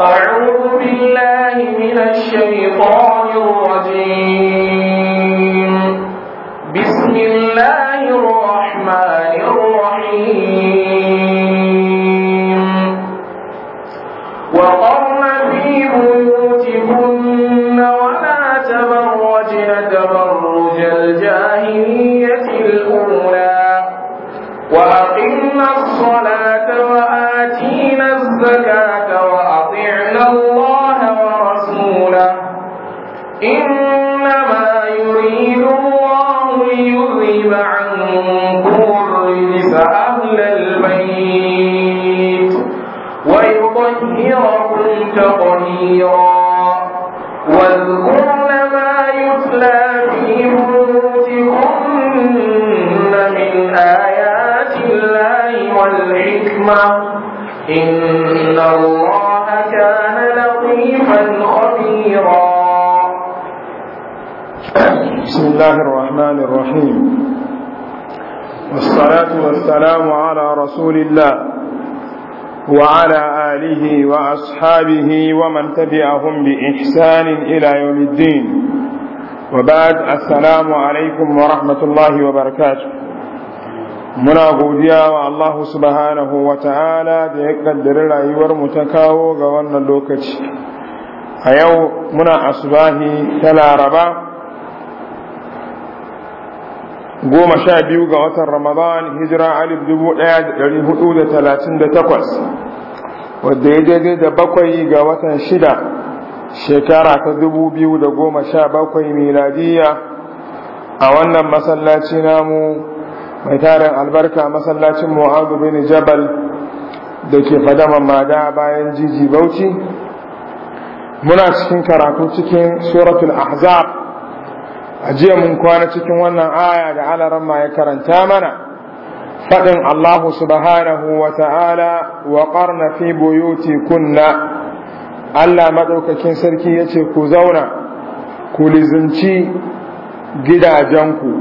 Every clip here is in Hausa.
أعوذ بالله من الشيطان الرجيم بسم الله الرحمن الرحيم الله الرحمن الرحيم والصلاة والسلام على رسول الله وعلى آله وأصحابه ومن تبعهم بإحسان إلى يوم الدين وبعد السلام عليكم ورحمة الله وبركاته muna godiya wa Allah subhanahu wa ta'ala da ya kaddari rayuwar mu ta kawo ga wannan lokaci a yau muna asubahi ta laraba goma sha biyu ga watan ramadan hijira alif dubu ɗaya da hudu da talatin da takwas wadda ya daidai da bakwai ga watan shida shekara ta dubu biyu da goma sha bakwai miladiya a wannan masallaci namu mai tarin albarka masallacin mu'adu bin jabal da ke fadaman mada bayan jiji bauchi muna cikin karatu cikin suratul ahzab ajiya mun kwana cikin wannan aya da alaran ma ya karanta mana faɗin Allah subhanahu wa ta'ala wa ƙarna fi buyuti kunna Allah maɗaukakin sarki ya ce ku zauna ku lizinci gidajenku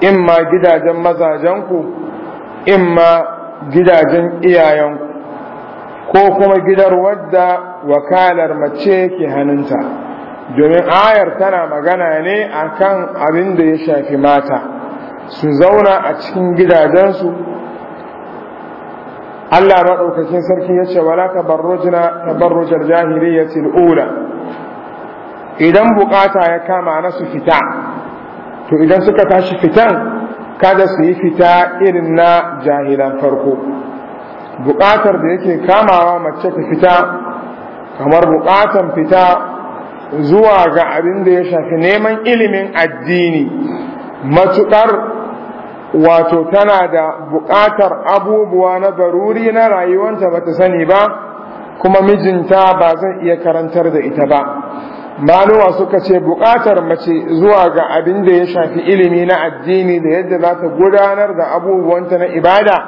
in ma gidajen mazajenku in ma gidajen iyayenku ko kuma gidar wadda wakalar mace ke hannunta. domin ayar tana magana ne akan abin da ya shafi mata su zauna a cikin gidajensu Allah maɗaukakin sarki ya ce wala tabarrujna ya jahiliyyatil ula idan bukata ya kama na su fita to idan suka tashi fitan kada su yi fita irin na jahilan farko bukatar da yake kamawa mace ta fita kamar bukatan fita zuwa ga abin da ya shafi neman ilimin addini matuƙar wato tana da buƙatar abubuwa na baruri na rayuwanta ba ta sani ba kuma mijinta ba zai iya karantar da ita ba maluwa suka ce buƙatar mace zuwa ga abin da ya shafi ilimi na addini da yadda za ta gudanar da abubuwanta na ibada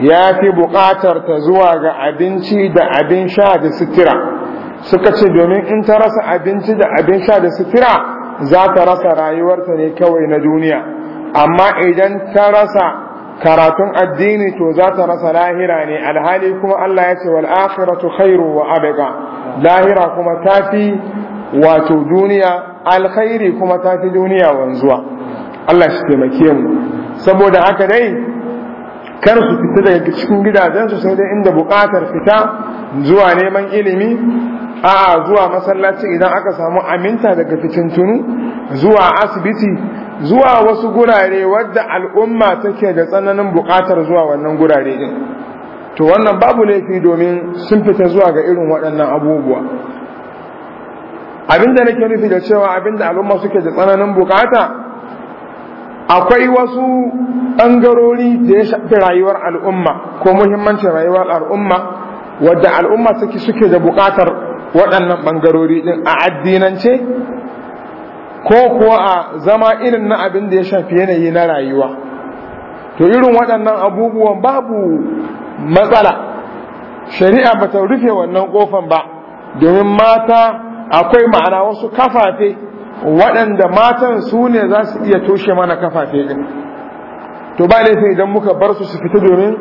ya fi buƙatar ta zuwa ga abinci da abin sha da sutura suka ce domin in ta rasa abinci da abin sha da sutura za ta rasa rayuwarta ne kawai na duniya amma idan ta rasa karatun addini to za ta rasa lahira ne alhali kuma Allah ya ce wal akhiratu khairu wa abqa lahira kuma tafi wato duniya alkhairi kuma tafi duniya wanzuwa Allah shi taimake mu saboda haka dai kar su fita daga cikin gidajensu sai dai inda buƙatar fita zuwa neman ilimi a zuwa masallaci idan aka samu aminta daga fitintunu zuwa asibiti zuwa wasu gurare wadda al'umma take da tsananin buƙatar zuwa wannan gurare din to wannan babu laifi domin sun fita zuwa ga irin waɗannan abubuwa abinda nake nufi da cewa abinda al'umma suke da tsananin bukata akwai wasu ɓangarori da ya shafi rayuwar al'umma ko muhimmancin rayuwar al'umma wadda al'umma suke suke da buƙatar waɗannan ɓangarori ɗin a addinance ko kuwa a zama irin na abin da ya shafi yanayi na rayuwa to irin waɗannan abubuwan babu matsala shari'a ba ta rufe wannan ƙofan ba domin mata akwai ma'ana wasu kafafe waɗanda matan su ne za su iya toshe mana kafafe ɗin to ba laifin idan muka bar su su fita domin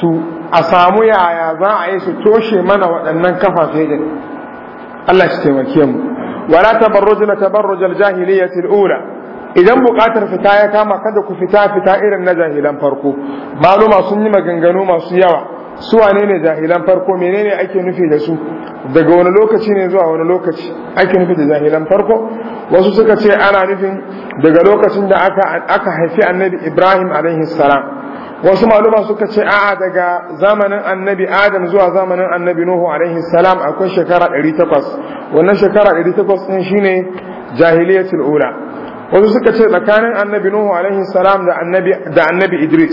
su a samu yaya za a yi su toshe mana waɗannan kafafe din Allah shi taimake mu wala na tabarrujal jahiliyyati al idan buƙatar fita ya kama kada ku fita fita irin na jahilan farko maluma sun yi maganganu masu yawa su wane ne jahilan farko menene ake nufi da su daga wani lokaci ne zuwa wani lokaci ake nufi da jahilan farko wasu suka ce ana nufin daga lokacin da aka haifi annabi ibrahim alaihi salam wasu maluma suka ce a'a daga zamanin annabi adam zuwa zamanin annabi nuhu alaihi salam akwai shekara 800 wannan shekara 800 din shine jahiliyatul ula wasu suka ce tsakanin annabi nuhu alaihi salam da annabi da annabi idris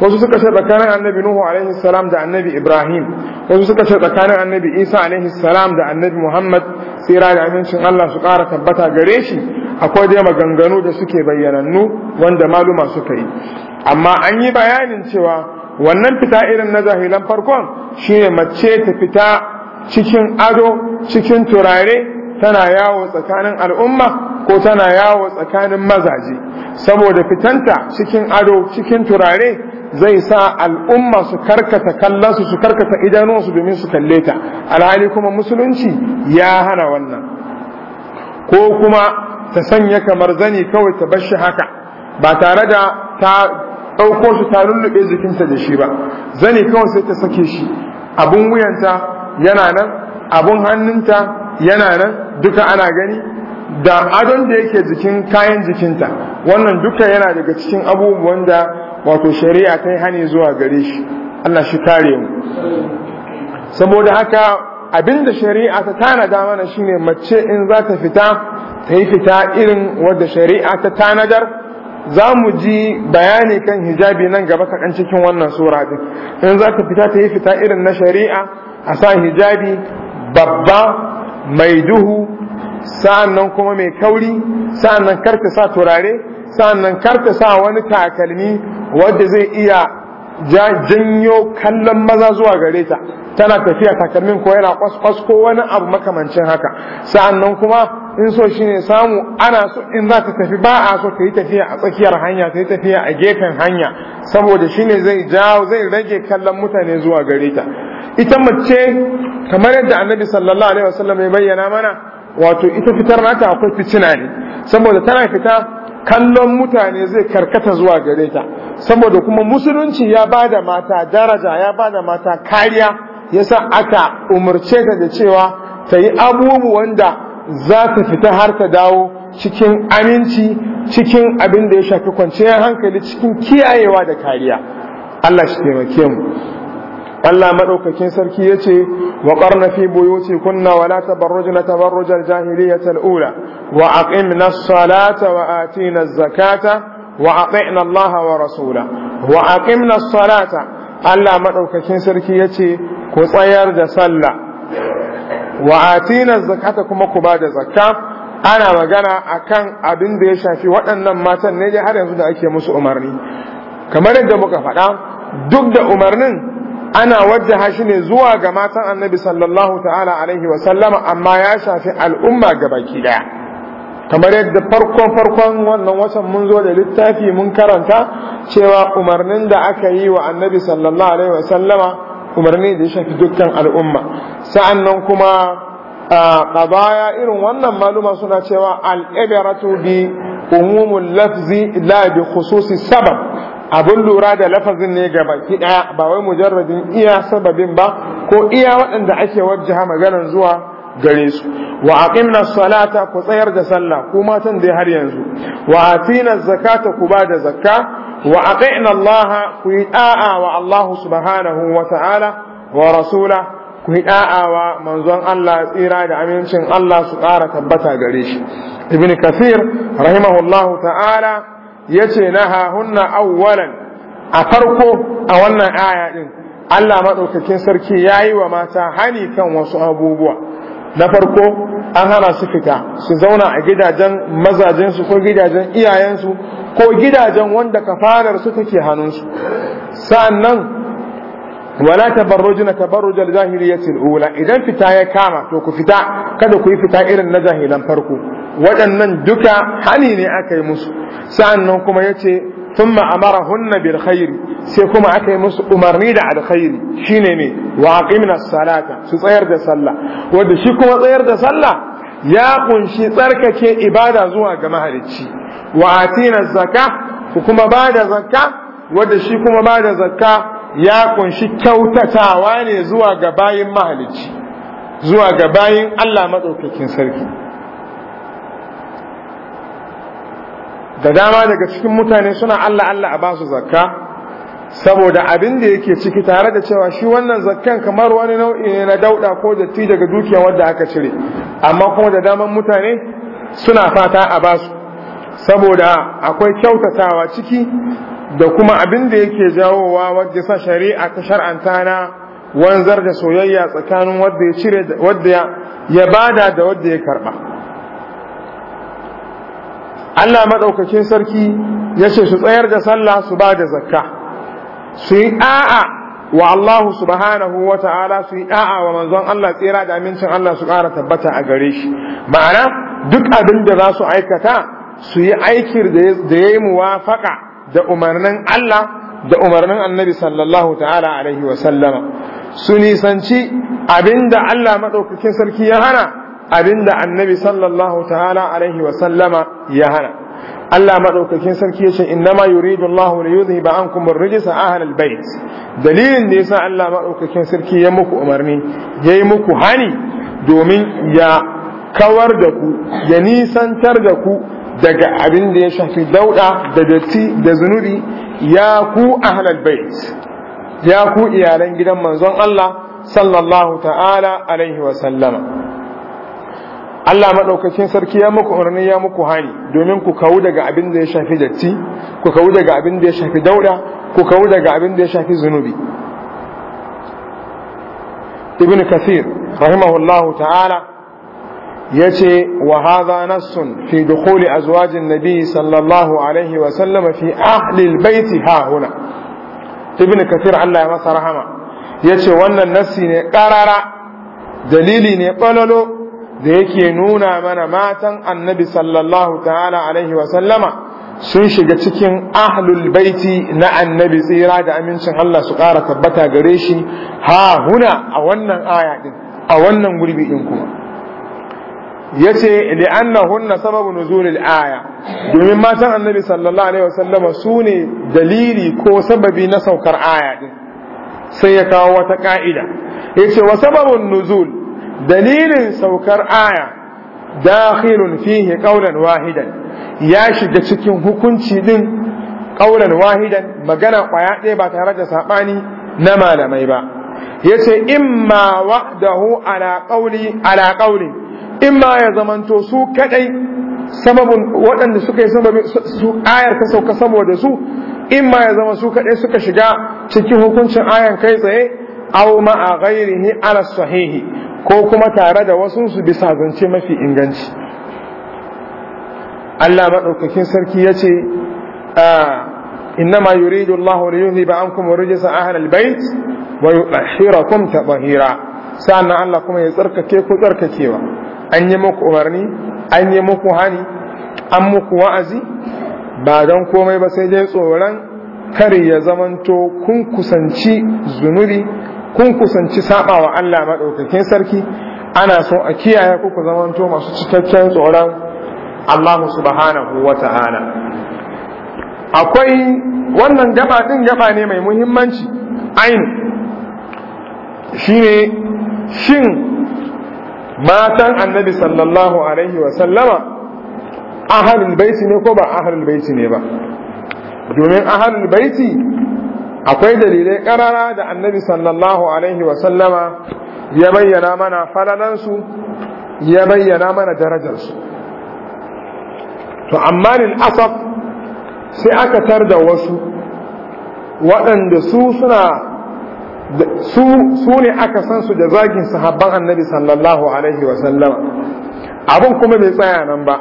wasu suka ce tsakanin annabi nuhu alaihi salam da annabi ibrahim wasu suka ce tsakanin annabi isa alaihi salam da annabi muhammad tsira da amincin allah su kara tabbata gare shi akwai dai maganganu da suke bayyanannu wanda maluma suka yi amma an yi bayanin cewa wannan fita irin na jahilan farkon shine mace ta fita cikin ado cikin turare tana yawo tsakanin al'umma ko tana yawo tsakanin mazaje saboda fitanta cikin ado cikin turare zai sa al'umma su karkata kallonsu su karkata idanuwansu domin su kalle ta alhali kuma musulunci ya hana wannan ko kuma ta sanya kamar zani kawai ta bashi haka ba tare da ta ɗauko shi ta lullube jikinta da shi ba zani kawai sai ta sake shi abun wuyanta yana nan abun hannunta yana nan duka ana gani da adon da yake jikin kayan jikinta wannan duka yana daga cikin abubuwan da wato shari'a ta yi hani zuwa gare shi Allah shi kare mu saboda haka abin da shari'a ta tanada mana shine mace in za ta fita ta yi fita irin wadda shari'a ta tanadar za mu ji bayani kan hijabi nan gaba kaɗan cikin wannan sura din in za ta fita ta yi fita irin na shari'a a sa hijabi babba mai duhu sa'annan kuma mai kauri sa'annan karta sa turare sa'annan karta sa wani takalmi wanda zai iya janyo kallon maza zuwa gare ta tana tafiya takalmin ko yana kwaskwas ko wani abu makamancin haka sa'annan kuma in so shi ne samu ana so in za ta tafi ba a so ta yi tafiya a tsakiyar hanya ta yi tafiya a gefen hanya saboda ne zai jawo zai rage kallon mutane zuwa gare ta ita mace kamar yadda annabi sallallahu alaihi wasallam ya bayyana mana wato ita fitar nata akwai fitina ne saboda tana fita kallon mutane zai karkata zuwa gare ta saboda kuma musulunci ya ba da mata daraja ya ba da mata kariya ya yasa aka umarce ta da cewa ta yi abubuwan da za su fita har ta dawo cikin aminci cikin abin da ya shafi kwanciyar hankali cikin kiyayewa da kariya Allah shi taimake mu Allah maɗaukakin sarki ya ce wa ƙarna fi ce kunna wa na tabarrujna na al-jahiliyyah al wa aqimna na salata wa zakata wa وأطعنا الله ورسوله وأقمنا الصلاة ألا مدوكاكين سركي يتي كسير دا zakata kuma ku ba da زكاة ana magana akan abin da ya shafi waɗannan matan ne har yanzu da ake musu umarni kamar yadda muka faɗa duk da umarnin ana wadda shi ne zuwa ga matan annabi sallallahu ta'ala amma ya shafi al'umma ga baki ɗaya kamar yadda farkon farkon wannan wasan mun zo da littafi mun karanta cewa umarnin da aka yi wa annabi sallallahu alaihi wasallama umarni da ya shafi dukkan al'umma Sa'an nan kuma qadaya irin wannan maluma suna cewa al-ibratu bi umumul lafzi la bi khususi sabab abun lura da lafazin ne ga baki daya ba wai mujarradin iya sababin ba ko iya waɗanda ake wajjaha maganar zuwa gare su wa aqimna salata ku tsayar da sallah ku matan dai har yanzu wa atina zakata ku ba da zakka wa aqina Allah ku yi da'a wa Allah subhanahu wa ta'ala wa rasula ku yi da'a wa manzon Allah tsira da amincin Allah su ƙara tabbata gare shi ibn kathir rahimahullahu ta'ala yace naha hunna awwalan a farko a wannan aya din Allah maɗaukakin sarki ya yi wa mata hani kan wasu abubuwa na farko an hana su fita su zauna a gidajen mazajensu ko gidajen iyayensu ko gidajen wanda kafarar su take hannunsu sa'annan wala tabarrujuna ya ce ula idan fita ya kama to ku fita kada ku yi fita irin na jahilan farko waɗannan duka hani ne aka yi musu sa'an nan kuma ya ce. thumma amarahunna bil khairi sai kuma aka yi musu umarni da alkhairi shine ne wa aqimna salata su tsayar da sallah wanda shi kuma tsayar da sallah ya ƙunshi tsarkake ibada zuwa ga mahalicci wa atina zakka ku kuma bada zakka wanda shi kuma bada zakka ya ƙunshi kyautatawa ne zuwa ga bayin mahalicci zuwa ga bayin Allah madaukakin sarki da dama daga cikin mutane suna Allah Allah a ba su zakka saboda abin da yake ciki tare da cewa shi wannan zakkan kamar wani nau'i ne na dauda ko datti daga dukiya wadda aka cire amma kuma da daman mutane suna fata a ba su saboda akwai kyautatawa ciki da kuma abin da yake jawowa wadda sa shari'a ta shar'anta na wanzar da soyayya tsakanin wadda ya cire wadda ya bada da wadda ya karba Allah maɗaukakin sarki ya ce su tsayar da sallah su ba da zakka su yi a'a wa Allah subhanahu wa ta'ala su yi a'a wa manzon Allah tsira da amincin Allah su ƙara tabbata a gare shi ma'ana duk abin da za su aikata su yi aikin da ya yi muwafaka da umarnin Allah da umarnin annabi sallallahu ta'ala alaihi wa sallama su nisanci abin da Allah maɗaukakin sarki ya hana abinda annabi sallallahu ta'ala alaihi wa sallama ya hana Allah madaukakin sarki yace innama yuridu Allahu li yuzhiba ankum ar-rijsa ahla al dalilin da yasa Allah madaukakin sarki ya muku umarni yayi muku hani domin ya kawar da ku ya nisantar da ku daga abin da ya shafi dauda da datti da zunubi ya ku ahlal bait ya ku iyalan gidan manzon Allah sallallahu ta'ala alaihi wa sallama Allah maɗaukacin sarki ya muku umarni ya muku hani domin ku kawo daga abin da ya shafi datti ku kawo daga abin da ya shafi dauda ku kawo daga abin da ya shafi zunubi ibn kathir rahimahullahu ta'ala yace wa hadha nassun fi dukhuli azwajin nabi sallallahu alaihi wa fi ahlil baiti ha huna ibn kathir Allah ya masa rahama yace wannan nassi ne ƙarara dalili ne balalo da yake nuna mana matan annabi sallallahu ta'ala alaihi wa sallama sun shiga cikin ahlul baiti na annabi tsira da amincin Allah su ƙara tabbata gare shi ha huna a wannan aya din a wannan gurbi din kuma yace li'annahunna sababu nuzulil aya domin matan annabi sallallahu alaihi wa sallama sune dalili ko sababi na saukar aya din sai ya kawo wata ka'ida yace wa sababun nuzul dalilin saukar aya dakhilun fihi qawlan wahidan ya shiga cikin hukunci din qawlan wahidan magana kwaya ɗaya ba tare da sabani na malamai ba yace imma wahdahu ala qawli ala qawli imma ya zamanto su kadai sababin waɗanda suka yi sababin su ayar ta sauka saboda su imma ya zama su kadai suka shiga cikin hukuncin ayan kai tsaye aw a ghairihi ala sahihi ko kuma tare da wasu su bisa zance mafi inganci Allah maɗaukakin sarki ya ce innama yuridu Allah wa yuhi ba an kuma rije sa ahal albayt wa yuhira kum ta tsahira sa'annan Allah kuma ya tsarkake ku tsarkakewa an yi muku umarni an yi muku hani an muku wa'azi ba don komai ba sai dai tsoron Kari ya zamanto kun kusanci zunubi kun kusanci saba wa Allah madaukakin sarki ana so a kiyaye ku ku zamanto masu cikakken tsoron Allah subhanahu wa ta'ala akwai wannan gaba din gaba ne mai muhimmanci ainu shine shin matan annabi sallallahu alaihi wa sallama ahlul baiti ne ko ba ahlul baiti ne ba domin ahlul baiti akwai dalilai karara da annabi sallallahu alaihi wasallama ya bayyana mana falalansu ya bayyana mana darajarsu to amma asaf sai aka tar da wasu waɗanda su suna su ne aka san su da zagin sahabban annabi sallallahu alaihi wasallama abin kuma bai tsaya nan ba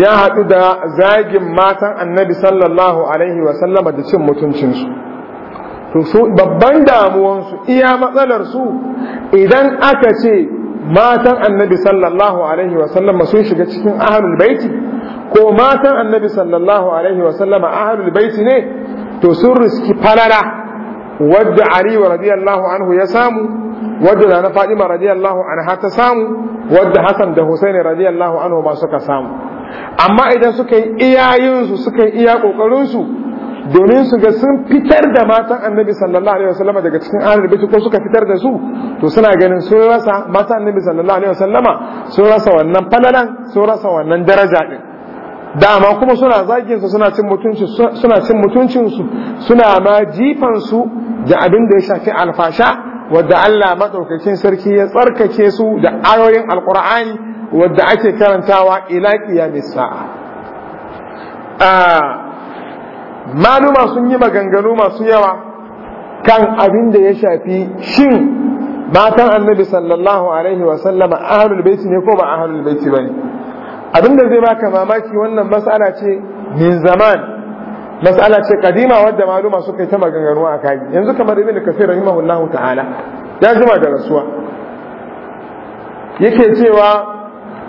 ya haɗu da zagin matan annabi sallallahu alaihi wasallama da cin mutuncinsu to su babban damuwansu iya matsalarsu idan aka ce matan annabi sallallahu alaihi wasallama sun shiga cikin ahalul baiti ko matan annabi sallallahu alaihi wasallama ahalul baiti ne to sun riski falala wadda aliyu radiyallahu anhu ya samu wadda na fadima radiyallahu anha ta samu wadda hasan da husaini radiyallahu anhu ba suka samu amma idan suka yi iyayensu suka yi iya kokarinsu domin su ga sun fitar da matan annabi sallallahu alaihi wasallam daga cikin ahlul baiti ko suka fitar da su to suna ganin sun rasa matan annabi sallallahu alaihi wasallama sun rasa wannan falalan sun rasa wannan daraja din dama kuma suna zagin su suna cin mutunci suna cin mutuncin su suna ma jifan su da abin da ya shafi alfasha wanda Allah madaukakin sarki ya tsarkake su da ayoyin alqur'ani wanda ake karantawa ila qiyamis sa'a ah, maluma sun yi maganganu masu yawa kan abin da ya shafi shin matan annabi sallallahu alaihi wa sallama ahlul baiti ne ko ba ahlul baiti ne abin da zai baka mamaki wannan mas'ala ce min zaman mas'ala ce kadima wadda maluma suka yi ta maganganu a kai yanzu kamar ibn kasir rahimahullahu ta'ala ya jima da rasuwa yake cewa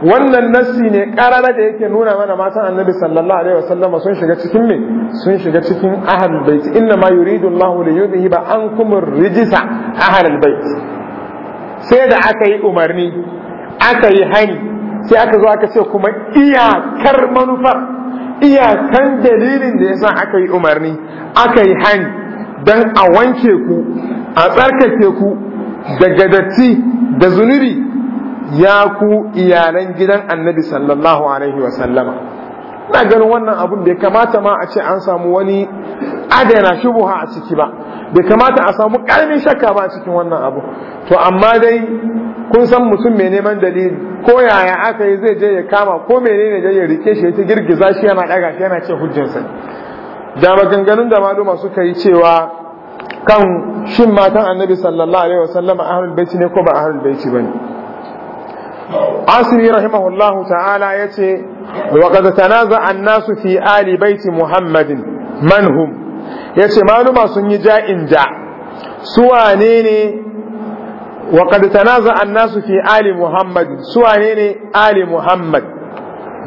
wannan nassi ne karara da yake nuna mana matan annabi sallallahu alaihi wasallam sun shiga cikin me sun shiga cikin ahal bait inna ma yuridu allah li yudhiba ankum rijsa ahal bait sai da aka yi umarni aka yi hani sai aka zo aka ce kuma iyakar manufar iyakan dalilin da yasa aka yi umarni aka yi hani dan a wanke ku a tsarkake ku daga datti da zunubi ya ku iyalan gidan annabi sallallahu alaihi wa sallama. ina ganin wannan abun bai kamata ma a ce an samu wani adana shubuha a ciki ba bai kamata a samu karmin shakka ba a cikin wannan abu to amma dai kun san mutum mai neman dalili ko yaya aka yi zai je ya kama ko menene ne ya rike shi ta girgiza shi yana daga shi yana ce hujjarsa da maganganun da maluma suka yi cewa kan shin matan annabi sallallahu alaihi wasallam ahlul baiti ne ko ba ahlul baiti bane asiri rahimahullahu ta'ala ya ce wa kaza tanaza annasu fi ali baiti muhammadin manhum ya ce maluma sun yi ja'in da su wane ne wa kaza tanaza annasu fi ali Muhammadin su wane ne ali muhammad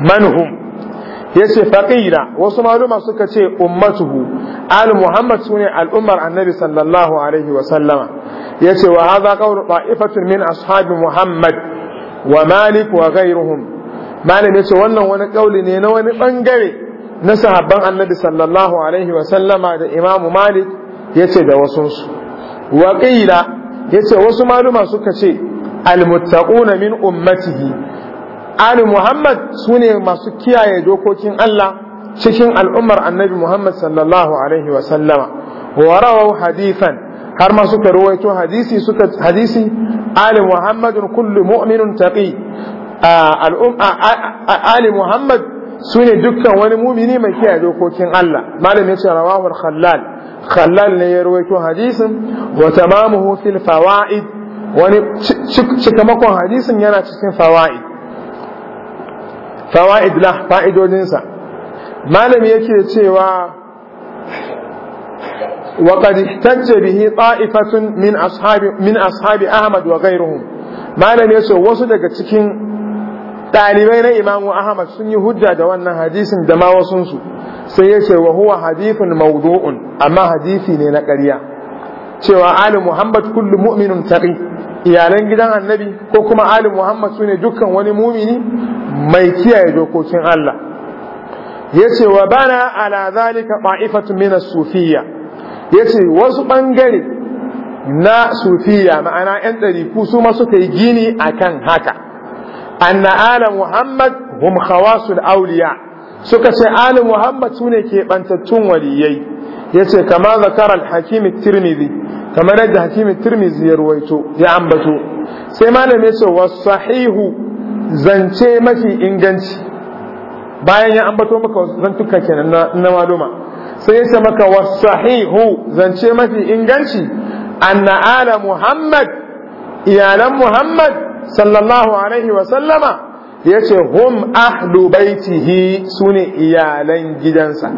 manhum ya ce faƙira wasu maluma suka ce ummatuhu Ali muhammad su ne al'ummar annabi sallallahu alaihi wasallama ya ce wa haza ƙaunar ba'ifatun min ashabi muhammad wa malik wa ghairuhum malam yace wannan wani kauli ne na wani bangare na sahabban annabi sallallahu alaihi wa sallama da imamu malik yace da wasunsu wa qila yace wasu maluma suka ce almuttaquna min ummatihi ali muhammad sune masu kiyaye dokokin Allah cikin al'ummar annabi muhammad sallallahu alaihi wa sallama wa hadithan har ma suka ruwaito hadisi suka hadisi ali muhammadun kullu mu'minun taqi ali muhammad sune dukkan wani mumini mai kiyaye dokokin Allah malam yace rawahu al-khallal khallal ne ya ruwaito hadisin wa tamamuhu fil fawaid wani cikamakon hadisin yana cikin fawaid fawaid la fa'idodinsa malam yake cewa وقد احتج به طائفة من أصحاب من أصحاب أحمد وغيرهم ما لم يسو وسد cikin ɗalibai na imamu ahmad sun yi hujja da wannan hadisin da ma sai ya ce wa huwa hadithun amma hadisi ne na ƙarya cewa ali muhammad kullu mu'minun taqi iyalan gidan annabi ko kuma ali muhammad sune dukkan wani mumini mai kiyaye dokokin Allah yace wa bana ala zalika ta'ifatun min as-sufiyya ya ce wasu ɓangare na sufiya ma'ana 'yan ɗariku su masu suka yi gini a kan haka na ala muhammad hum da auliya suka ce ala muhammad su ne ke ɓantattun waliyai ya ce kama zakarar hakimi tirmidhi kamar yadda hakimi tirmidhi ya ruwaito ya ambato sai malam ya ce wasu sahihu zance mafi inganci bayan ya ambato maka zantuka kenan na maluma sai ya maka wasahihu zance mafi inganci anna ala muhammad iyalan muhammad sallallahu alaihi wa sallama ya ce hum ahlu baitihi su ne iyalan gidansa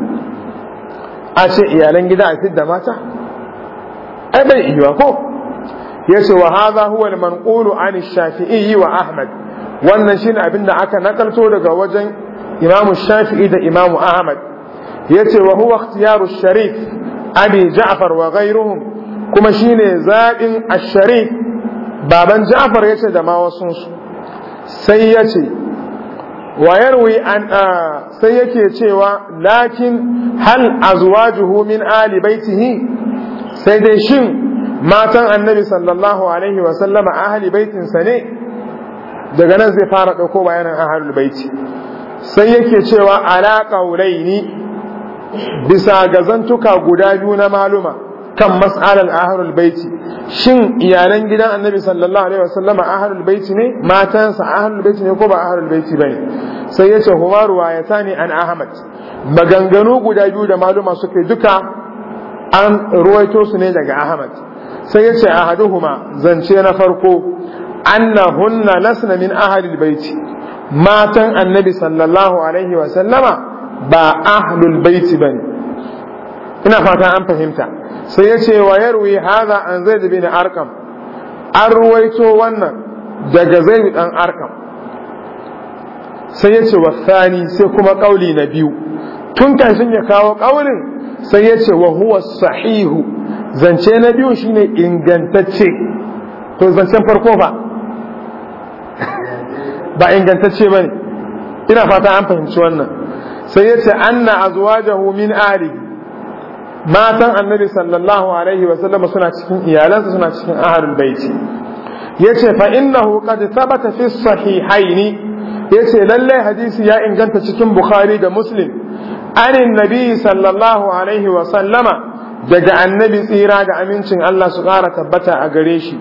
a ce iyalan gida a da mata ai bai iya ko ya ce wa haza huwa al-manqulu an shafi'i wa ahmad wannan shine abin da aka nakalto daga wajen imamu shafi'i da imamu ahmad yace wa huwa ikhtiyaru sharif abi ja'far wa ghayruhum kuma shine zaɓin asharif sharif baban ja'far yace da ma wasun su sai yace wa yarwi an sai yake cewa lakin hal azwajuhu min ali baitihi sai dai shin matan annabi sallallahu alaihi wa sallama ahli baitinsa ne daga nan zai fara dauko bayanin ahlul baiti sai yake cewa ala qaulaini bisa ga zantuka guda biyu na maluma kan mas'alar aharul baiti shin iyalan gidan annabi sallallahu alaihi wasallama aharul baiti ne matansa aharul baiti ne ko ba aharul baiti bane sai yace huma ruwayata ne an ahmad maganganu guda biyu da maluma suke duka an ruwaito su ne daga ahmad sai yace ahaduhuma zance na farko annahunna lasna min ahlil baiti matan annabi sallallahu alaihi wasallama ba ahlul baiti bane ina fata an fahimta sai yace wa yarwi hadha an zaid bin arqam an ruwaito wannan daga zaid dan arqam sai ya ce wa thani sai kuma kauli na biyu tun kafin ya kawo kaulin sai ya ce wa huwa sahihu zance na biyu shine ingantacce to zancen farko ba ba ingantacce bane ina fata an fahimci wannan sai yace anna azwajahu min ali matan annabi sallallahu alaihi wa suna cikin iyalansa suna cikin ahlul baiti yace fa innahu qad thabata fi sahihaini yace lalle hadisi ya inganta cikin bukhari da muslim anin nabi sallallahu alaihi wa sallama daga annabi tsira da amincin Allah su kara tabbata a gare shi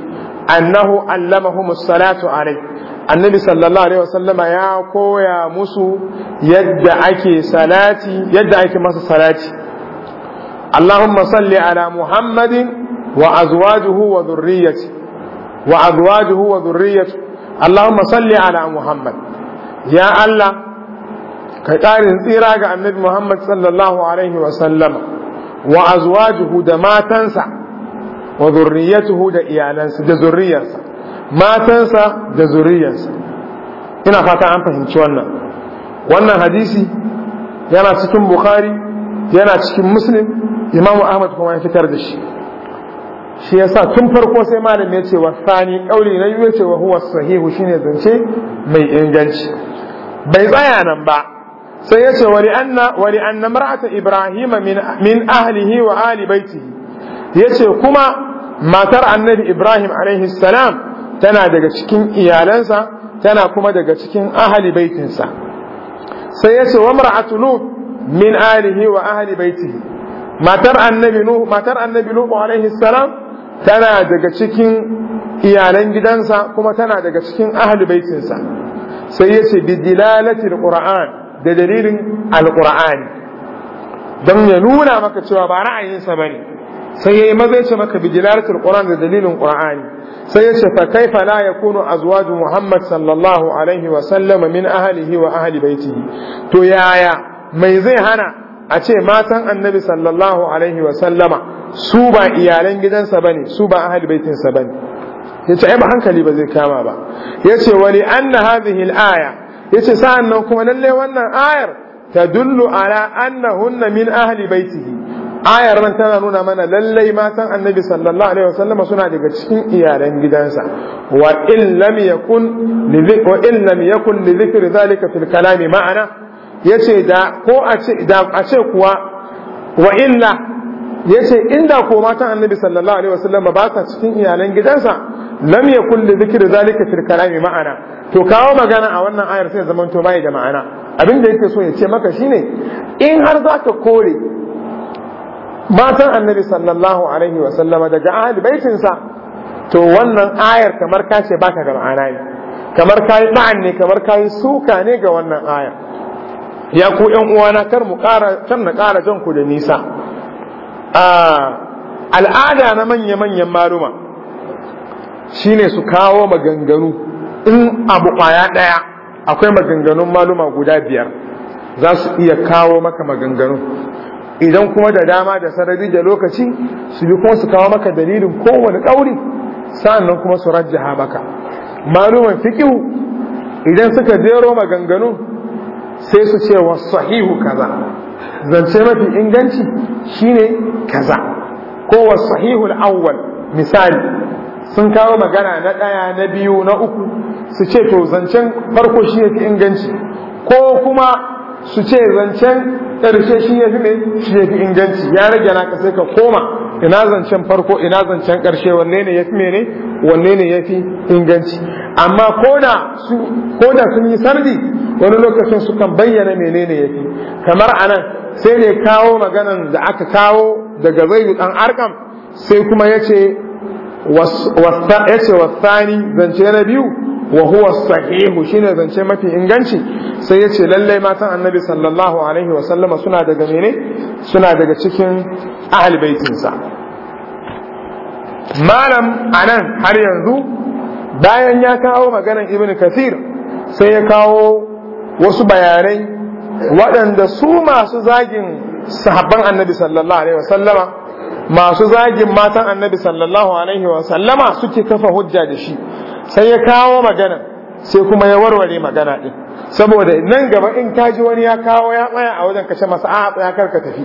annahu allamahumus salatu alaihi annabi sallallahu alaihi wasallama ya koya musu yadda ake salati yadda ake masa salati Allahumma salli ala Muhammadin wa azwajuhu wa dhurriyyati wa wa dhurriyyati Allahumma salli ala Muhammad ya Allah ka tsarin tsira ga annabi Muhammad sallallahu alaihi wasallama wa da matansa wa dhurriyyatuhu da iyalansa da matansa da zuriyarsa ina fata an fahimci wannan wannan hadisi yana cikin bukhari yana cikin muslim imamu ahmad kuma ya fitar da shi shi yasa tun farko sai malam ya ce wa sani kauli na yi ce wa huwa sahihu shine zance mai inganci bai tsaya nan ba sai ya ce wani anna wali anna mar'ata ibrahima min min ahlihi wa ali baitihi yace kuma matar annabi ibrahim alaihi salam tana daga cikin iyalansa tana kuma daga cikin ahali baitinsa sai ya ce wa mar'atu nuh min alihi wa ahli baitihi matar annabi nuh matar annabi nuh alaihi salam tana daga cikin iyalan gidansa kuma tana daga cikin ahli baitinsa sai ya ce bi dilalatil qur'an da dalilin alqur'ani don ya nuna maka cewa ba ra'ayinsa bane sai yayi maza maka bi dilalatul qur'an da dalilin qur'ani sai yace fa kaifa la yakunu azwaju muhammad sallallahu alaihi wa sallam min ahlihi wa ahli baitihi to yaya mai zai hana a ce matan annabi sallallahu alaihi wa sallama su ba iyalan gidansa bane su ba ahli baitinsa bane yace ai ba hankali ba zai kama ba yace wali anna hadhihi al-aya yace sa'annan kuma lalle wannan ayar tadullu ala annahunna min ahli baitihi ayar nan tana nuna mana lallai matan annabi sallallahu alaihi wasallam suna daga cikin iyalan gidansa wa in lam yakun li wa in lam yakun li dhikri zalika fil kalam ma'ana yace da ko a ce da a ce kuwa wa illa yace inda ko matan annabi sallallahu alaihi wasallam ba sa cikin iyalan gidansa lam yakun li dhikri zalika fil kalam ma'ana to kawo magana a wannan ayar sai zaman to bai da ma'ana abin da yake so ya ce maka shine in har za ka kore matan annabi sallallahu alaihi wa sallama daga ahli baitinsa to wannan ayar kamar ka ce baka ga ma'ana ne kamar ka ba'an kamar kai suka ne ga wannan ayar ya ku ƴan uwana kar mu ƙara kar na ƙara jan ku da nisa al'ada na manya manyan maluma shine su kawo maganganu in abu kwaya ɗaya akwai maganganun maluma guda biyar za su iya kawo maka maganganu idan kuma da dama da sarari da lokaci su bi kuma su kawo maka dalilin kowane ƙauri sa'annan kuma su rajja maka maluman fiƙihu idan suka jero maganganu sai su ce wa sahihu kaza zance mafi inganci shine kaza ko wa sahihu awwal misali sun kawo magana na ɗaya na biyu na uku su ce to zancen farko shi fi inganci ko kuma su ce zancen ƙarshe shi ya fi ne shi ya fi inganci ya rage na sai ka koma ina zancen farko ina zancen ƙarshe wanne ne ya fi mene wanne ne ya fi inganci amma ko da sun yi sardi wani lokacin su kan bayyana mene ne ya fi kamar anan sai ne kawo maganan da aka kawo daga zai ɗan arkam sai kuma ya ce wasani zance na biyu wa huwa sahihu shine zance mafi inganci sai yace lallai matan annabi sallallahu alaihi wa sallama suna daga mene suna daga cikin ahal baitinsa malam anan har yanzu bayan ya kawo maganan ibnu kathir sai ya kawo wasu bayanai waɗanda su masu zagin sahabban annabi sallallahu alaihi wa sallama masu zagin matan annabi sallallahu alaihi wa sallama suke kafa hujja da shi sai ya kawo magana sai kuma ya warware magana din saboda nan gaba in kaji wani ya kawo ya tsaya a wajen kace masa a tsaya karka tafi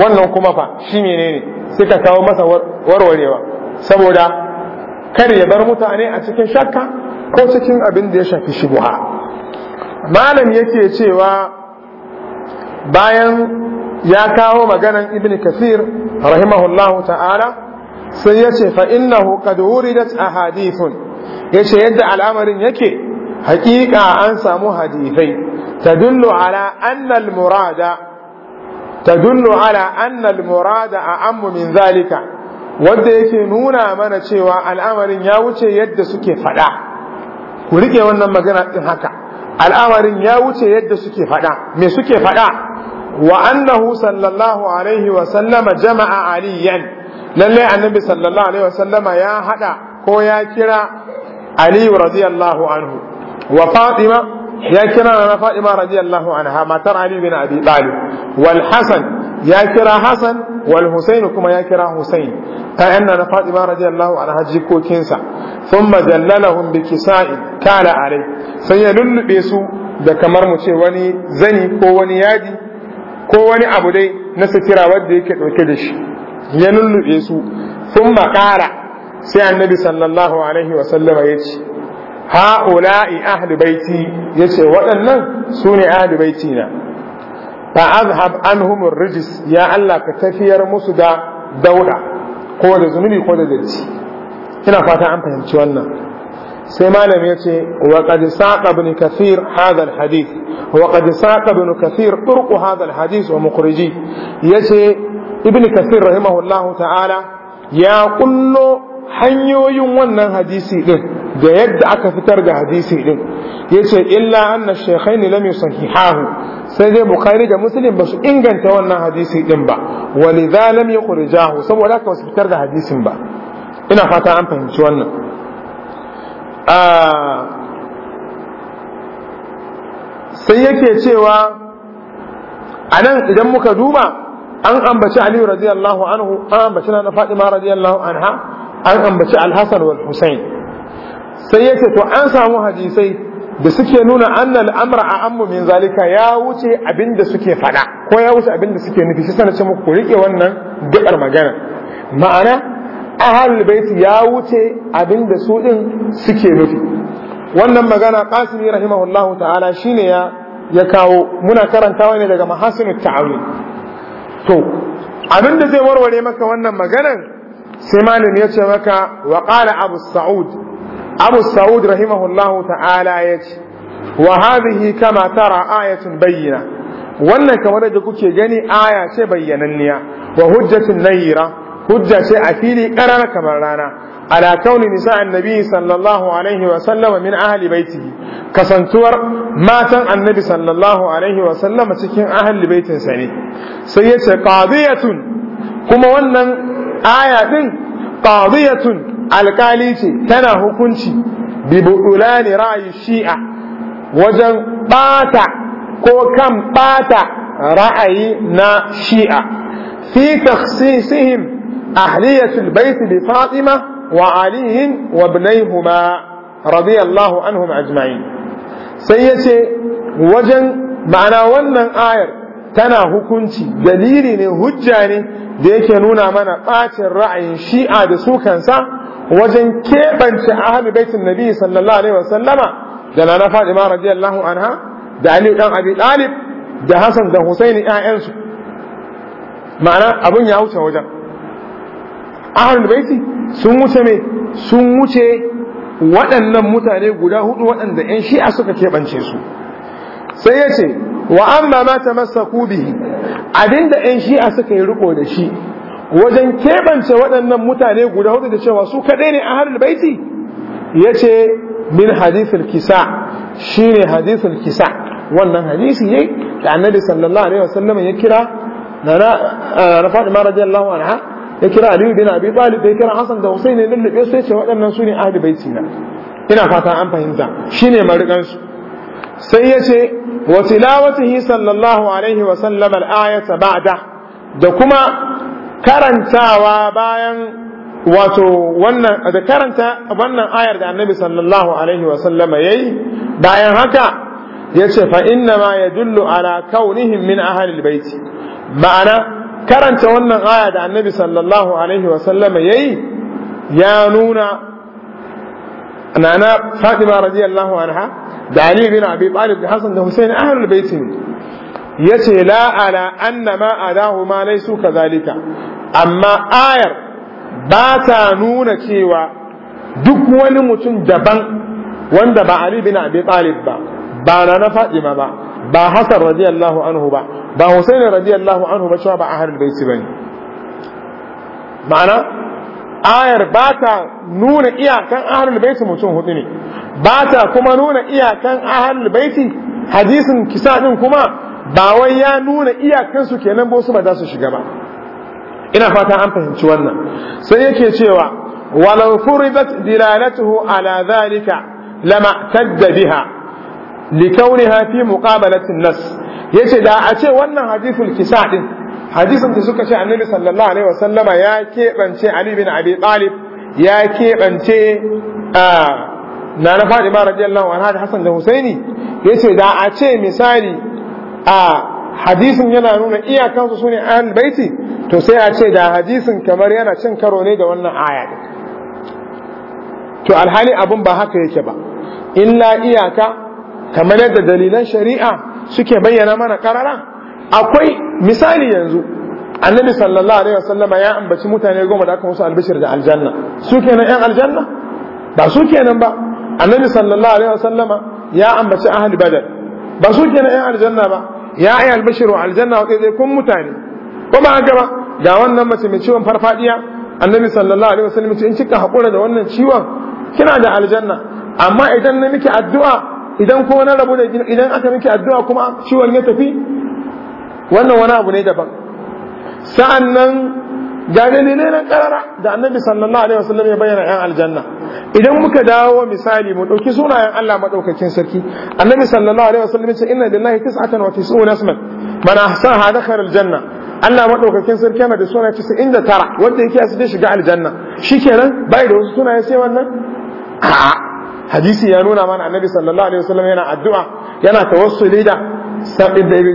wannan kuma fa shi menene sai ka kawo masa warwarewa saboda kar ya bar mutane a cikin shakka ko cikin abin da ya shafi shubha malam yake cewa bayan ya kawo maganan ibn kasir rahimahullahu ta'ala sai ya ce fa'innahu qad a ahadithun ya ce yadda al'amarin yake haƙiƙa an samu hadithai tadullu ala annal murada ala annal murada a ammu min zalika wanda yake nuna mana cewa al'amarin ya wuce yadda suke faɗa ku riƙe wannan magana ɗin haka al'amarin ya wuce yadda suke faɗa me suke faɗa wa annahu sallallahu alaihi wa sallama jama'a aliyan Lallai annabi sallallahu alaihi wa sallama ya hada ko ya kira ali radiyallahu anhu wa fatima ya kira na fatima radiyallahu anha matar ali bin abi wal hasan ya kira Hassan wal kuma ya kira Husain ta na Fatima radiyallahu anha jikokinsa thumma jallalahum bi kisa'in kana alai sai ya lullube su da kamar mu ce wani zani ko wani yadi ko wani abu dai na sutura wanda yake dauke da shi ya lullube su sun makara sai annabi sallallahu alaihi sallama ya ce ha'ula'i ahli baiti ya ce waɗannan su ne ahli baiti na fa azhab anhum rijis ya Allah ka tafiyar musu da dauɗa, ko da zunubi ko da datti ina fata an fahimci wannan sai malam ya ce wa qad saqa ibn kathir hadha al hadith wa qad saqa ibn kathir turq hadha al hadith wa mukhriji yace ibn kathir rahimahullahu ta'ala ya kullo hanyoyin wannan hadisi din da yadda aka fitar da hadisi din yace illa anna shaykhain lam yusahihahu sai dai bukhari da muslim basu inganta wannan hadisi din ba wani walidha lam yukhrijahu saboda aka ba fitar da hadisin ba ina fata an fahimci wannan Ah. sai yake cewa a nan idan muka duba an ambaci aliyu radiyallahu anhu an ambaci na fadima radiyallahu anha an ambaci alhassan wal sai yake to an samu hadisai da suke nuna annal amra a ammu min zalika ya wuce abinda suke fada ko ya wuce abinda suke nufi shi sanar ce muku rike wannan gabar magana ma'ana ahalul baiti ya wuce abinda su din suke nufi wannan magana qasimi rahimahullahu ta'ala shine ya ya kawo muna karantawa ne daga mahasin ta'awil to abin zai warware maka wannan maganar, sai malam ya ce maka wa qala abu sa'ud abu sa'ud rahimahullahu ta'ala ya ce wa hadhihi kama tara ayatun bayyina wannan kamar da kuke gani aya ce bayyananniya wa hujjatun nayira hujja ce a fili ƙarar kamar rana ala kauni nisa annabi sallallahu alaihi wa sallama min ahli baitihi kasantuwar matan annabi sallallahu alaihi wa sallama cikin ahli baitin sa ne sai yace qadiyatun kuma wannan aya din qadiyatun alkali ce tana hukunci bi budulani ra'ayi shi'a wajen bata ko kan bata ra'ayi na shi'a fi takhsisihim ahliyatul baiti bi fatima wa aliyin wa ibnayhuma radiyallahu anhum ajma'in sai yace wajen ma'ana wannan ayar tana hukunci dalili ne hujja ne da yake nuna mana ɓacin ra'ayin shi'a da sukansa wajen keɓance ahli baitin nabi sallallahu alaihi wasallama da na na fadima radiyallahu anha da Aliyu dan abi talib da hasan da husaini ƴaƴansu ma'ana abun ya wuce wajen ahlul baiti sun wuce me sun wuce waɗannan mutane guda hudu waɗanda ƴan shi'a suka keɓance su sai ya ce wa amma ma tamassaku bihi abinda ƴan shi'a suka yi riko da shi wajen keɓance waɗannan mutane guda hudu da cewa su kaɗai ne ahlul baiti ya ce min hadithul kisa shine hadithul kisa wannan hadisi ne da annabi sallallahu alaihi wasallam ya kira na na eh, Fatima radiyallahu anha ya kira aliyu bin abi talib bai kira Hassan, da husaini ne lullube su ya waɗannan su ne ahli baiti na ina fata an fahimta shine marikan su sai ya ce wa tilawatihi sallallahu alaihi wa sallam al-ayata ba'da da kuma karantawa bayan wato wannan da karanta wannan ayar da annabi sallallahu alaihi wa wasallam yayi bayan haka yace fa inna ma yadullu ala kaunihim min ahli baiti, ma'ana karanta wannan aya da annabi sallallahu alaihi wasallama ya yi ya nuna nana fatima radiyallahu anha da ali bin abi talib da hasan da husaini ahlul bait ne yace la ala anna ma adahu ma laysu kadhalika amma ayar ba ta nuna cewa duk wani mutum daban wanda ba ali bin abi talib ba ba na fatima ba ba hasan radiyallahu anhu ba ba Hussein radiyallahu anhu ba cewa ba ahlul baiti bane ma'ana ayar ba ta nuna iyakan ahlul baiti mutum hudu ne ba ta kuma nuna iyakan ahlul baiti hadisin kisa din kuma ba wai ya nuna iyakan su kenan ba su ba za su shiga ba ina fata an fahimci wannan sai yake cewa walau furidat dilalatuhu ala zalika lama tadda biha likauni hafi muqabalatin nas yace da a ce wannan hadithul kisa din hadisin da suka ce annabi sallallahu alaihi wasallama ya keɓance ali bin abi talib ya keɓance na na fadima radiyallahu anha da hasan da husaini yace da a ce misali a hadisin yana nuna iyakansu ne ahlul baiti to sai a ce da hadisin kamar yana cin karo ne da wannan aya to alhali abun ba haka yake ba illa iyaka kamar yadda dalilan shari'a suke bayyana mana karara akwai misali yanzu annabi sallallahu alaihi wasallam ya ambaci mutane goma da aka musu albishir da aljanna su kenan yan aljanna ba su kenan ba annabi sallallahu alaihi wasallam ya ambaci ahli badar ba su kenan yan aljanna ba ya ayi albishir wa aljanna wa kai kun mutane kuma haka ba ga wannan mace mai ciwon farfadiya annabi sallallahu alaihi wasallam ce in kika hakura da wannan ciwon kina da aljanna amma idan na miki addu'a idan kuma na rabu da idan aka miki addu'a kuma ciwon ya tafi wannan wani abu ne daban sa'an nan gane ne na karara da annabi sallallahu alaihi wasallam ya bayyana yan aljanna idan muka dawo misali mu ɗauki sunayen Allah maɗaukakin sarki annabi sallallahu alaihi wasallam ya ce inna lillahi 99 asman man hada dakhala aljanna Allah maɗaukakin sarki yana da sunaye 99 wanda yake ya shiga aljanna shikenan bai da wasu sunaye sai wannan a'a hadisi ya nuna mana annabi sallallahu alaihi wasallam yana addu'a yana tawassuli da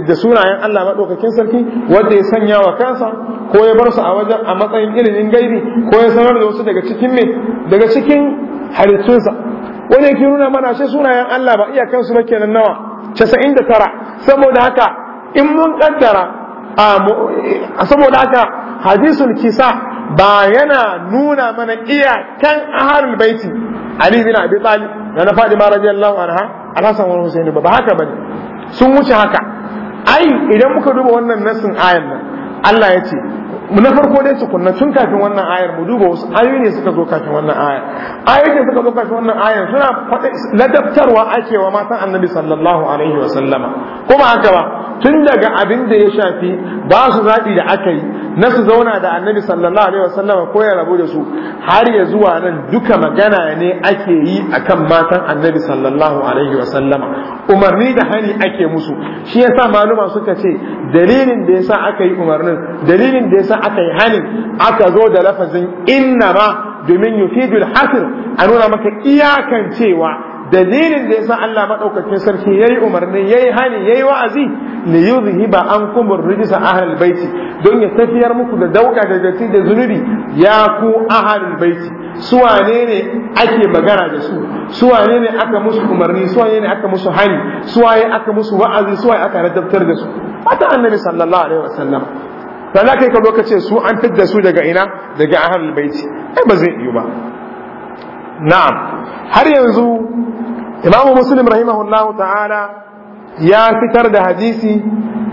da sunayen Allah madaukakin sarki wanda ya sanya wa kansa ko ya bar su a wajen a matsayin ilimin gaibi ko ya sanar da wasu daga cikin me daga cikin halittunsa wanda yake nuna mana shi sunayen Allah ba iya kansu ba kenan nawa 99 saboda haka in mun kaddara saboda haka hadisul kisa ba yana nuna mana iya kan ahalul baiti ali bin abi talib da na fadi ma radiyallahu anha alhasan wa husain ba haka bane sun wuce haka ai idan muka duba wannan nasin ayan nan Allah ya ce na farko dai su kunna tun kafin wannan ayar mu duba wasu ayoyi ne suka zo kafin wannan ayar ayoyi ne suka zo kafin wannan ayar suna ladaftarwa ake wa matan annabi sallallahu alaihi wa sallama kuma haka ba tun daga abin da ya shafi ba su zaɓi da aka yi na su zauna da annabi sallallahu alaihi wa sallama ko ya rabu da su har ya zuwa nan duka magana ne ake yi akan matan annabi sallallahu alaihi wa sallama umarni da hani ake musu shi yasa maluma suka ce dalilin da yasa aka yi umarnin dalilin da yasa aka yi hanin aka zo da lafazin inna ma domin yufidul hasir a nuna maka iyakan cewa dalilin da yasa Allah madaukakin sarki yayi umarni yayi hani yayi wa'azi li yuzhiba ankum ar-rijsa ahlul baiti don ya tafiyar muku da dauka da datti da zunubi ya ku ahlul baiti su wane ne ake magana da su su wane ne aka musu umarni su wane ne aka musu hani su aka musu wa'azi su wane aka radabtar da su mata annabi sallallahu alaihi wasallam sana kai ka zo ka ce su an fidda su daga ina daga ahlul baiti ai ba zai yi ba na'am har yanzu imam muslim rahimahullah ta'ala ya fitar da hadisi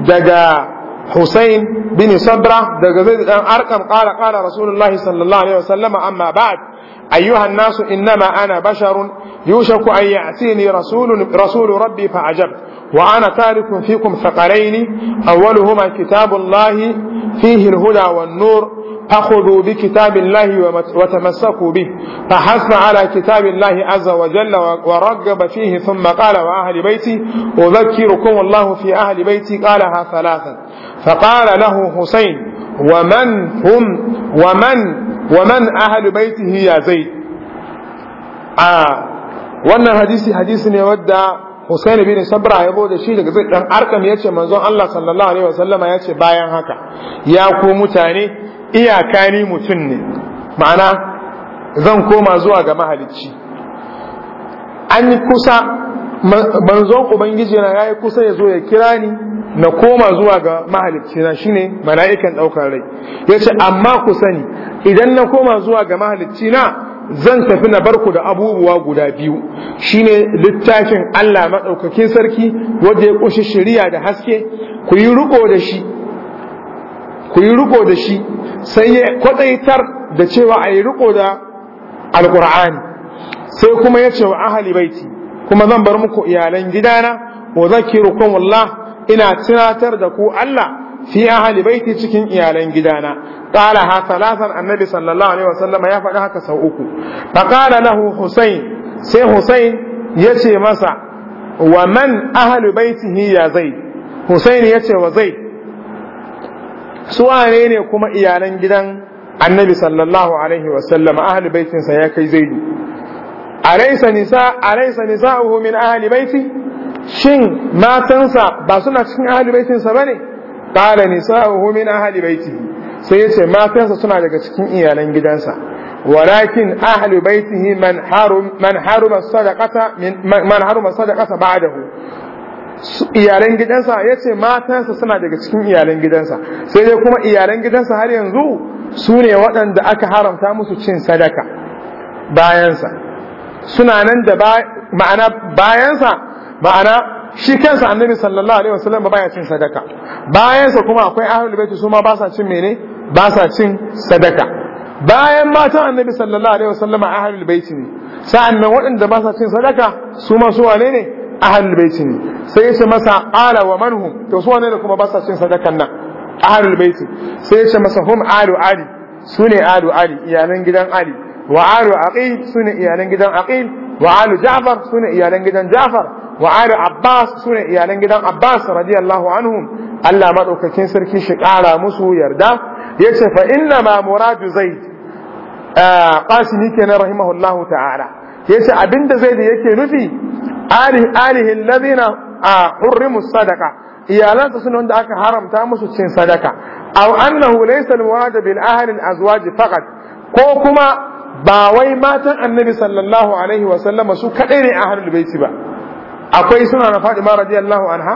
daga Hussein bin Sabra daga zai dan arkan qala qala Rasulullahi sallallahu alaihi wasallam amma ba'd ayyuha an-nasu innama ana basharun يوشك أن يأتيني رسول, رسول ربي فعجب وأنا تارك فيكم ثقلين أولهما كتاب الله فيه الهدى والنور أخذوا بكتاب الله وتمسكوا به فحث على كتاب الله عز وجل ورغب فيه ثم قال وأهل بيتي أذكركم الله في أهل بيتي قالها ثلاثا فقال له حسين ومن هم ومن ومن أهل بيته يا زيد آه wannan hadisi hadisi ne wadda Hussein bin Sabra ya zo da shi daga zai dan Arkam ya ce manzon Allah sallallahu alaihi wasallama ya ce bayan haka ya ku mutane iyaka ni mutum ne ma'ana zan koma zuwa ga mahalicci an kusa manzon ubangiji na yayi kusa ya zo ya kira ni na koma zuwa ga mahalicci na shine mala'ikan daukar rai yace amma ku sani idan na koma zuwa ga mahalicci na zan tafi na barku da abubuwa guda biyu shine littafin Allah madaukakin sarki wanda ya kushe shari'a da haske ku yi riko da shi ku yi ruko da shi sai ya kwadaitar da cewa a yi riko da alkur'ani sai kuma ya ce wa ahali kuma zan bar muku iyalan gidana wa zakirukum wallah ina tunatar da ku Allah fi ahali baiti cikin iyalan gidana qala ha salasan annabi sallallahu alaihi wasallam ya faɗi haka sau uku fa qala lahu husayn sai husayn yace masa wa man ahlu baitihi ya zaid ya ce wa zai? su wane ne kuma iyalan gidan annabi sallallahu alaihi wasallam ahli baitinsa ya kai zaidu alaysa nisa alaysa min ahali baiti shin matansa ba suna cikin ahli baitinsa bane nisa nisa'uhu min ahali baiti sai ya ce matansa suna daga cikin iyalan gidansa walakin ahlu baitihi man harum man haruma sadaqata man haruma sadaqata ba'dahu iyalan gidansa yace matansa suna daga cikin iyalan gidansa sai dai kuma iyalan gidansa har yanzu su ne waɗanda aka haramta musu cin sadaka bayansa suna nan da ma'ana bayansa ma'ana shi kansa annabi sallallahu alaihi wasallam ba ya cin sadaka bayan sa kuma akwai ahlul baiti su ma ba sa cin mene ba sa cin sadaka bayan matan annabi sallallahu alaihi wasallam ahlul baiti ne Sa'an nan waɗanda ba sa cin sadaka su ma su wane ne ahlul baiti ne sai ya ce masa ala wa manhum to su wane ne kuma ba sa cin sadakan nan ahlul baiti sai ya ce masa hum alu ali sune alu ali iyalan gidan ali wa alu aqil sune iyalan gidan aqil wa ja'far sune iyalan gidan ja'far wa alu abbas sune iyalan gidan abbas radiyallahu anhu. Allah madaukakin sarki shi kara musu yarda yace fa inna ma muradu zaid qasimi kenan rahimahullahu ta'ala yace abinda zaid yake nufi alihi alihi a hurrimu sadaqa iyalansa sune wanda aka haramta musu cin sadaka Au annahu laysa al murad bil ahli al ko kuma ba wai matan annabi sallallahu alaihi wa sallama su kadai ne a ahlul baiti ba akwai suna na Fatima radiyallahu anha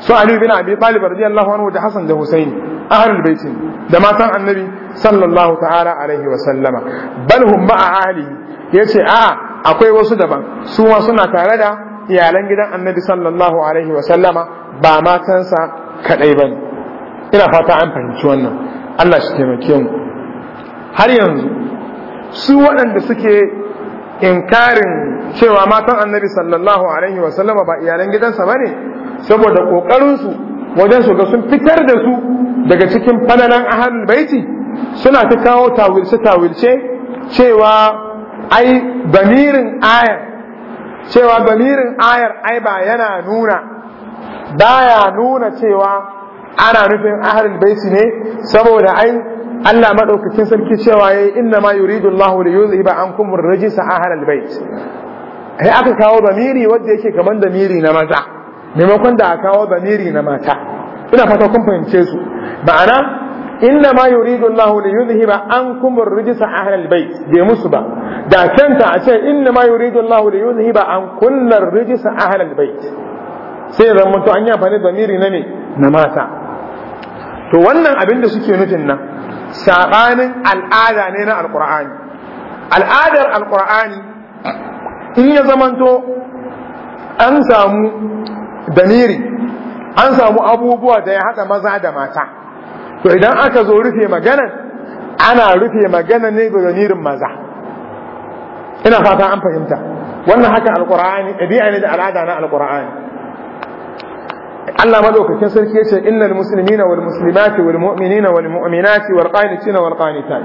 su Ali bin Abi Talib radiyallahu anhu da Hassan da Husaini ahlul baiti da matan annabi sallallahu ta'ala alaihi wa wasallama bal hum ma'a ahli yace a akwai wasu daban su ma suna tare da iyalan gidan annabi sallallahu alaihi wa sallama ba matansa kadai bane ina fata an fahimci wannan Allah shi taimake mu har yanzu su waɗanda suke inkarin cewa matan annabi sallallahu alaihi wasallama ba iyalan gidansa ba ne saboda ƙoƙarinsu wajen su sun fitar da su daga cikin fananan ahal baiti suna ta kawo tawilce-tawilce cewa ai bamirin ayar cewa bamirin ayar ai ba yana nuna baya nuna cewa ana nufin ahal baiti ne saboda ai Allah madaukakin sarki cewa ya yayi inna ma yuridu Allahu li an ankum ar-rijsa ahla al-bayt sai aka kawo bamiri wanda yake kaman miri na maza maimakon da aka kawo bamiri na mata ina fata kun fahimce su ma'ana inna ma yuridu Allahu li an ankum ar-rijsa ahla al-bayt bai musu ba da kanta a ce inna ma yuridu Allahu li yuzhiba an kullar rijsa a halal bayt sai zan mutu an yi amfani da miri na ne na mata to wannan abin da suke nufin nan saɓanin al'ada ne na alƙur'ani al'adar alƙur'ani in ya zamanto an samu damiri an samu abubuwa da ya haɗa maza da mata to idan aka zo rufe magana, ana rufe magana ne da damirin maza ina fata an fahimta wannan haka alƙur'ani ɗabi'a ne da al'ada na alƙur'ani Allah madaukakin sarki ya ce innal muslimina wal muslimati wal mu'minina wal mu'minati wal qanitina wal qanitat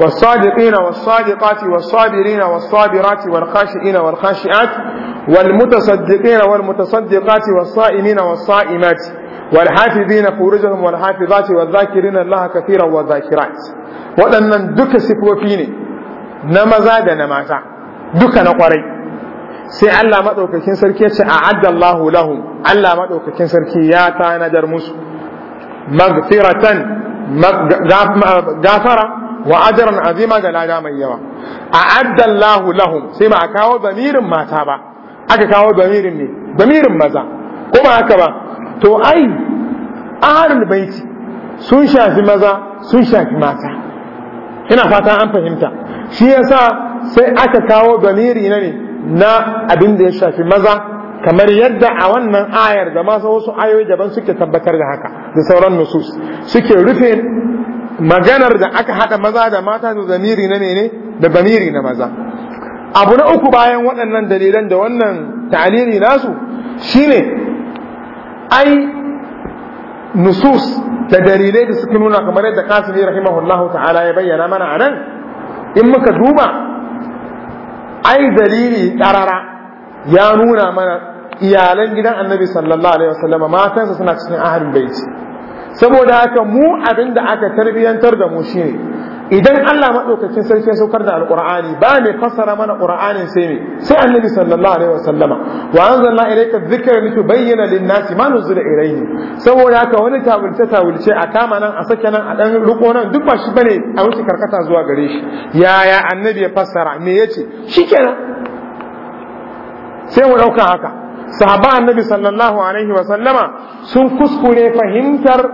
was sadiqina was sadiqati was sabirina was sabirati wal khashiina wal khashiat wal mutasaddiqina wal mutasaddiqati was sa'imina Allah kathiran wal dhakirat duka sifofi ne na maza da na mata duka na kwarai sai Allah maɗaukakin sarki ya ce a'adda Allahu lahum Allah maɗaukakin sarki ya tanadar musu magfiratan gafara wa ajran azima ga lada mai yawa a'adda Allahu lahum sai ba a kawo damirin mata ba aka kawo damirin ne damirin maza kuma haka ba to ai ahlul baiti sun shafi maza sun shafi mata ina fata an fahimta shi yasa sai aka kawo damiri na ne na abin da ya shafi maza kamar yadda a wannan ayar da masu wasu ayoyi daban suke tabbatar da haka da sauran nusus suke rufe maganar da aka haɗa maza da mata da zamiri na ne da zamiri na maza abu na uku bayan waɗannan dalilan da wannan ta'alili nasu shine ai nusus da dalilai da suka nuna kamar yadda kasimi rahimahullahu ta'ala ya bayyana mana a nan, in muka duba ai dalili ɗarara ya nuna mana iyalan gidan annabi sallallahu alaihi wasallam matansa suna cikin ahlul bait saboda haka mu abin da aka tarbiyantar da mu shine idan Allah maɗaukacin sarki ya saukar da alƙur'ani ba mai fassara mana ƙur'anin sai me sai annabi sallallahu alaihi wasallama wa anzalna ilayka dhikra litubayyana lin-nasi ma nuzila ilayhi saboda haka wani tawulce tawulce a kama nan a sake nan a dan riko nan duk ba shi bane a wuce karkata zuwa gare shi yaya annabi ya fassara me yace shikenan sai mu dauka haka sahaba annabi sallallahu alaihi wasallama sun kuskure fahimtar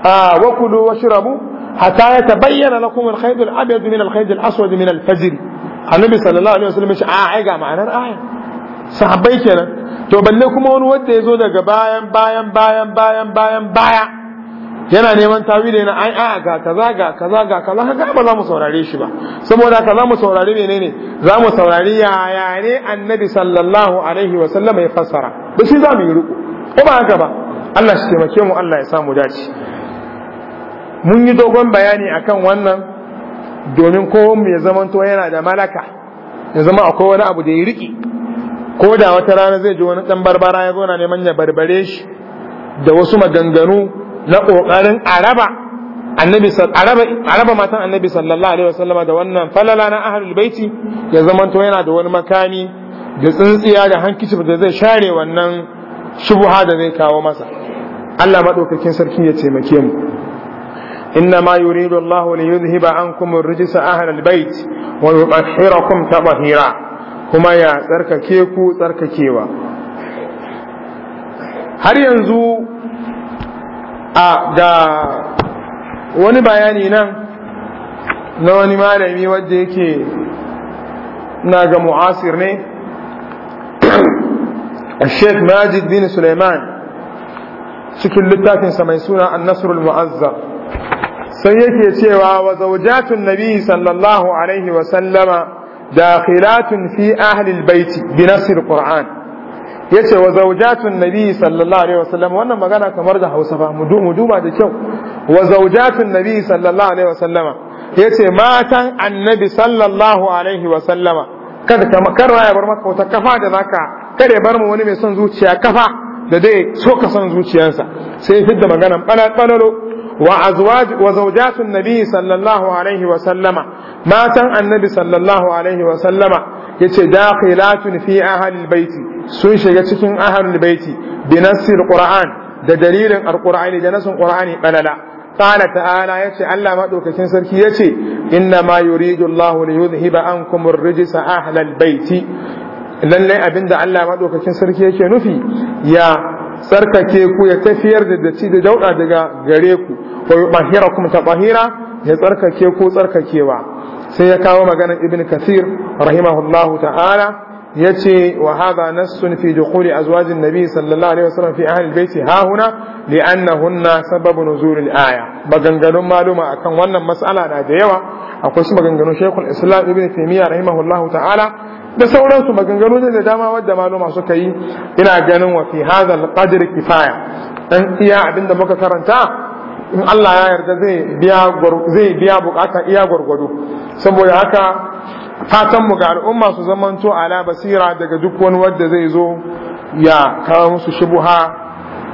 wa wasu washrabu حتى ya لكم الخيط الابيض من الخيط الاسود من الفجر النبي صلى الله عليه وسلم fajr annabi sallallahu alaihi wasallam shi a ai ga ma'anar aya sahabbai kenan to balle kuma wani wanda yazo daga bayan bayan bayan bayan bayan baya yana neman tawili na ai a ga kaza ga kaza ga kaza haka ba za mu saurare shi ba saboda haka za mu saurari menene za mu saurari ya ne annabi sallallahu alaihi wa sallam ya fassara ba shi za mu yi ruku ko ba haka ba Allah shi taimake mu Allah ya samu dace mun yi dogon bayani akan wannan domin mu ya to yana da malaka ya zama akwai wani abu da ya riki ko da wata rana zai ji wani ɗan barbara ya zo na neman ya barbare shi da wasu maganganu na ƙoƙarin araba annabi araba matan annabi sallallahu alaihi wasallam da wannan falala na ahlul baiti ya zamanto yana da wani makami da tsintsiya da hankici da zai share wannan shubuha da zai kawo masa Allah madaukakin sarki ya taimake mu إنما يريد الله ليذهب عنكم الرجس أهل البيت ويطهركم تطهيرا كما يا ترك كيكو ترك كيوا har yanzu a ga wani bayani nan na wani malami wadda yake na ga mu'asir ne Sheikh Majid bin Suleiman cikin littafinsa mai suna An-Nasrul Mu'azzar sai yake cewa wa zaujatun nabi sallallahu alaihi wa sallama dakhilatun fi ahli albayti bi nasr qur'an yace wa zaujatun nabi sallallahu alaihi wa sallam wannan magana kamar da Hausa ba mu duba da kyau wa zaujatun nabi sallallahu alaihi wa sallama yace matan annabi sallallahu alaihi wa sallama kada ka kar ya bar maka wata kafa da zaka kada ya bar mu wani mai son zuciya kafa da dai so ka son zuciyarsa sai magana maganan balalo wa azwaj wa zawjatun nabi sallallahu alaihi wa sallama matan annabi sallallahu alaihi wa sallama yace dakhilatun fi ahlil baiti sun shiga cikin ahlul baiti bi nassil da dalilin alqur'ani da nasin qur'ani balala qala ta'ala yace Allah madaukakin sarki yace inna ma yuridu Allah li yuzhiba ankum ar-rijsa ahlal baiti lalle abinda Allah madaukakin sarki yake nufi ya tsarkake ku ya tafiyar da dace da dauda daga gare ku wa kum kuma bahira, ya tsarkake ku tsarkakewa sai ya kawo maganar ibn kathir rahimahullahu ta'ala ya ce wa haza nassun fi dukuli azwajin nabi sallallahu alaihi wasallam fi ahlil baiti ha huna li annahunna sababu nuzulil aya maganganun maluma akan wannan mas'ala na da yawa akwai su maganganun shaykhul islam ibn taymiya rahimahullahu ta'ala da sauransu maganganu da dama wadda maluma suka yi ina ganin wa fi hadha alqadr kifaya dan iya abinda muka karanta in Allah ya yarda zai biya zai biya bukata iya gwargwado saboda haka fatan mu ga al'umma su zamanto ala basira daga duk wani wanda zai zo ya kawo musu shubuha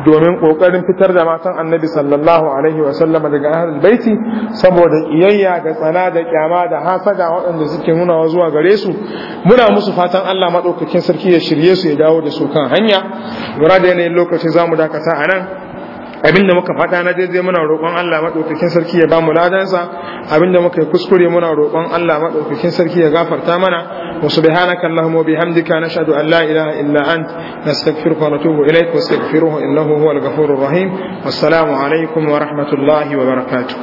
domin kokarin fitar da matan annabi sallallahu alaihi wa sallam daga ahlul baiti saboda iyayya ga tsana da kyama da hasada waɗanda suke nuna zuwa gare su muna musu fatan Allah madaukakin sarki ya shirye su ya dawo da su kan hanya gura da yanayin lokaci zamu dakata a nan. Abin da muka fata na daidai muna roƙon Allah maɗaukakin sarki ya bamu ladansa da muka yi kuskure muna roƙon Allah maɗaukakin sarki ya gafarta mana wa subhanaka allahumma bihamdika nashhadu an la ilaha illa ant nastaghfiruka wa natubu ilayk wastaghfiruhu innahu huwal ghafurur rahim wassalamu alaikum wa rahmatullahi wa barakatuh